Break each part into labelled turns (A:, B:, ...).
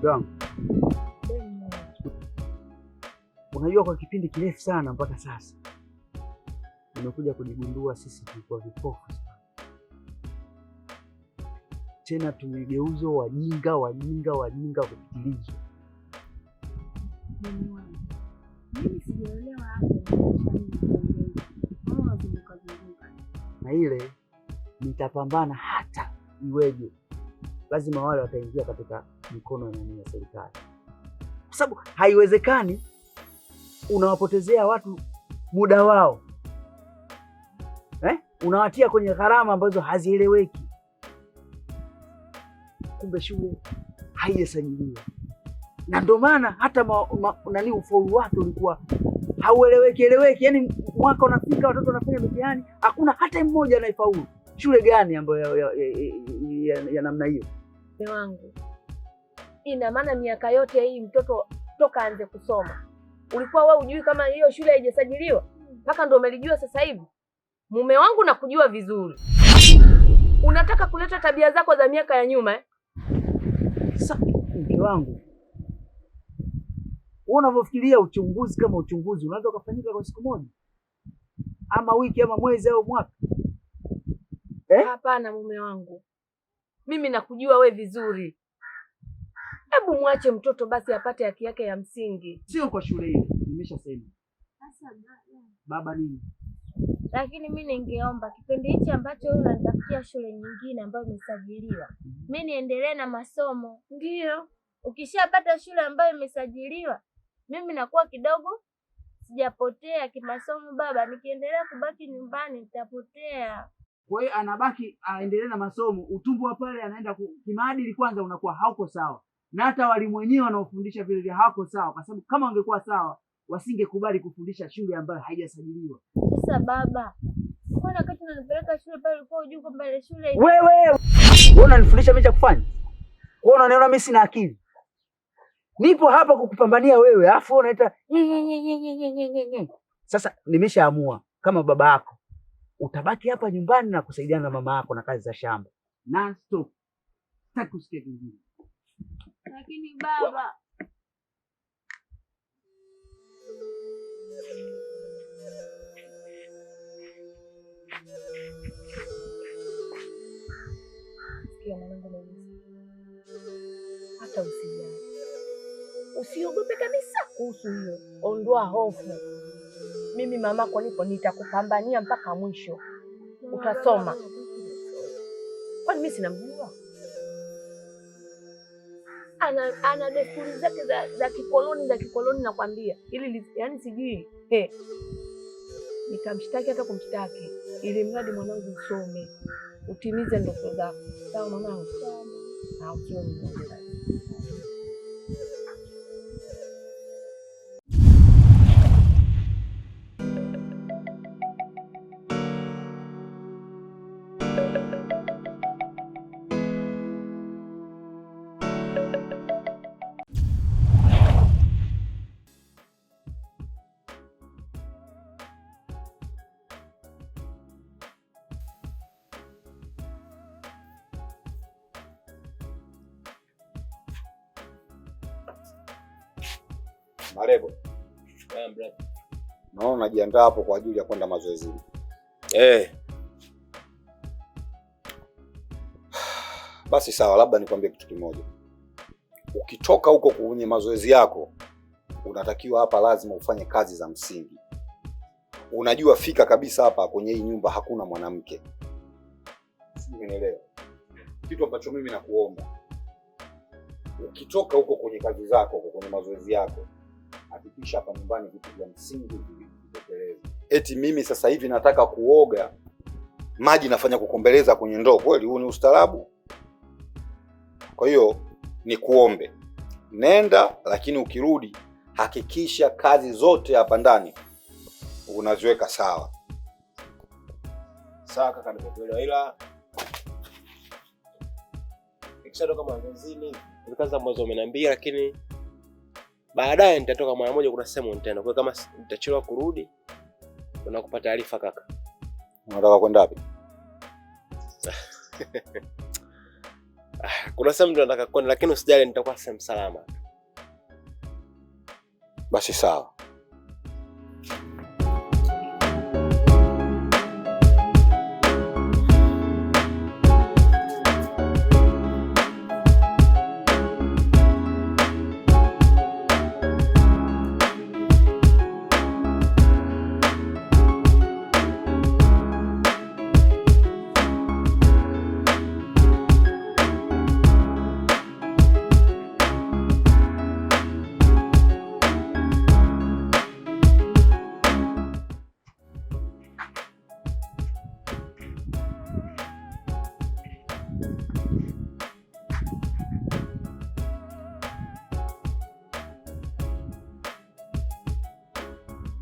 A: Ndugu, unajua kwa kipindi kirefu sana mpaka sasa nimekuja kujigundua sisi tulikuwa vipofu sana, tena tumegeuzwa wajinga wajinga wajinga kupitilizwa. Na ile nitapambana hata iweje lazima wale wataingia katika mikono ya nani? Ya serikali, kwa sababu haiwezekani unawapotezea watu muda wao eh? Unawatia kwenye gharama ambazo hazieleweki, kumbe shule haijasajiliwa na ndio maana hata ma, ma, nani ufaulu wake ulikuwa haueleweki eleweki. Yani mwaka unafika, watoto wanafanya mitihani, hakuna hata mmoja anayefaulu. Shule gani ambayo ya, ya, ya, ya, ya namna hiyo?
B: mume wangu, ina maana miaka yote hii mtoto toka anze kusoma ulikuwa wewe ujui kama hiyo shule haijasajiliwa mpaka ndo umelijua sasa hivi? Mume wangu nakujua vizuri, unataka kuleta tabia zako za miaka ya nyuma eh?
A: Mke wangu, wewe unavyofikiria uchunguzi kama uchunguzi unaweza ukafanyika kwa siku moja ama wiki ama mwezi au mwaka?
B: Eh? Hapana Mume wangu, mimi nakujua we vizuri. Hebu mwache mtoto basi apate haki yake ya msingi,
A: sio kwa shule hii. Nimeshasema baba nini.
B: Lakini mi ningeomba kipindi hichi ambacho wewe unanitafutia shule nyingine ambayo imesajiliwa, mhm. mi niendelee na masomo. ndio ukishapata shule ambayo imesajiliwa, mimi nakuwa kidogo sijapotea kimasomo. Baba, nikiendelea kubaki nyumbani nitapotea.
A: Kwa hiyo anabaki aendelee na masomo, utumbo wa pale anaenda kimaadili, kwanza unakuwa hauko sawa, na hata walimu wenyewe wanaofundisha vile vile hawako sawa, kwa sababu kama wangekuwa sawa wasingekubali kufundisha shule ambayo haijasajiliwa.
B: Sasa baba, kwa wakati unanipeleka shule pale ulikuwa unajua kwamba ile shule
A: wewe wewe unanifundisha mimi cha kufanya, wewe unaniona mimi sina akili, nipo hapa kukupambania wewe, afu unaita sasa. Nimeshaamua kama baba yako utabaki hapa nyumbani na kusaidiana na mama yako na kazi za shamba non stop. Sitaki kusikia kingine.
B: Lakini baba hata usijali, usiogope kabisa kuhusu hiyo, ondoa hofu mimi mamako nipo, nitakupambania mpaka mwisho, utasoma. Kwani mimi sinamjua? Ana, ana desturi zake za, za kikoloni za kikoloni nakwambia, ili yaani sijui hey. Nitamshtaki hata kumshtaki, ili mradi mwanangu usome utimize ndoto zako. Sawa mwanangu? Sawa. Na usome
A: Marebo. Naona unajiandaa hapo kwa ajili ya kwenda mazoezini. eh. Basi sawa, labda nikwambie kitu kimoja. Ukitoka huko kwenye mazoezi yako, unatakiwa hapa lazima ufanye kazi za msingi. Unajua fika kabisa hapa kwenye hii nyumba hakuna mwanamke.
C: Sielewa kitu ambacho mimi nakuomba, ukitoka huko kwenye kazi zako, kwenye mazoezi yako hakikisha hapa nyumbani vitu vya msingi
A: vitekelezwe. Eti mimi sasa hivi nataka kuoga maji nafanya kukombeleza kwenye ndoo? Kweli huu ni ustaarabu? Kwa hiyo ni kuombe, nenda lakini ukirudi hakikisha kazi zote hapa ndani unaziweka sawa.
C: Sawa kaka, nimekuelewa, ila ikishatoka magazini kazi mwanzo umeniambia, lakini baadaye nitatoka mara moja, kuna sehemu tena. Kwa kama nitachelewa kurudi, unakupa taarifa kaka.
A: Unataka kwenda wapi?
C: Ah, kuna sehemu tunataka kwenda, lakini usijali, nitakuwa sehemu salama.
A: Basi sawa.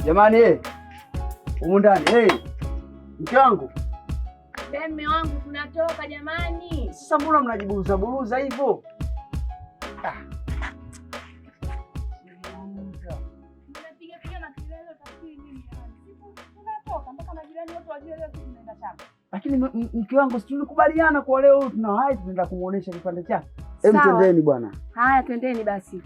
A: Jamani, eh. Humu ndani, eh. Mke wangu.
B: Mme wangu tunatoka jamani.
A: Sasa mbona mnajiburuza buruza hivyo? Ah. Lakini mke wangu, si tulikubaliana kwa leo, tuna hai tunaenda kumuonesha kipande chake. Hebu twendeni bwana.
B: Haya, twendeni basi.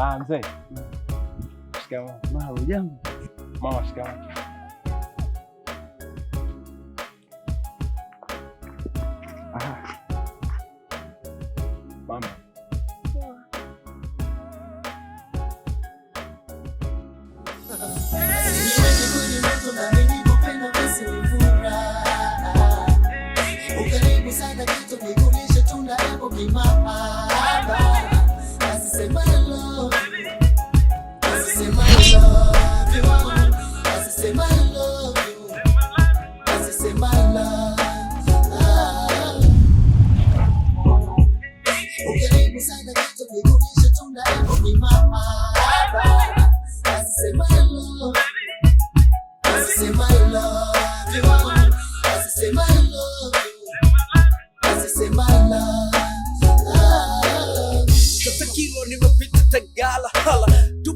A: Ah, mzee. Shikamoo. Mama, hujambo?
C: Mama, shikamoo.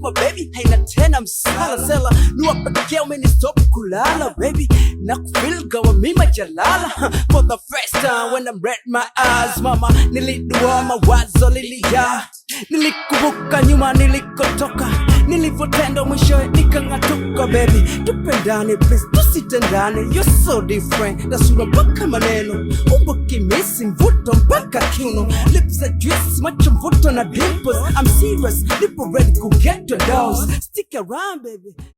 B: kwa baby haina tena msala sela niwapekea stop kulala baby na kufilga wa mima jalala for the first time when I'm red my eyes mama nilidua mawazo lilia Nilikuvuka nyuma nilikotoka, nilivyotenda mwishowe nikang'atuka. Baby, tupendane please, tusitendane. You're so different, na sura mpaka maneno, umbo kimisi, mvuto mpaka kiuno, lips a juice, macho mvuto na dimples. I'm serious, nipo ready kugetwa dose. Stick around baby.